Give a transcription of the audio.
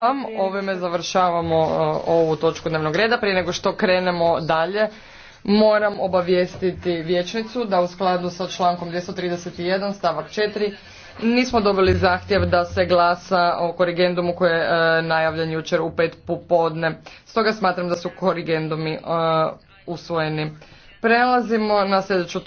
vam. Ovime završavamo e, ovu točku dnevnog reda. Prije nego što krenemo dalje, moram obavijestiti vječnicu da u skladu sa člankom 231 stavak 4 nismo dobili zahtjev da se glasa o korigendumu koji je e, najavljen jučer u pet popodne. Stoga smatram da su korigendumi e, usvojeni. Prelazimo na sljedeću točku.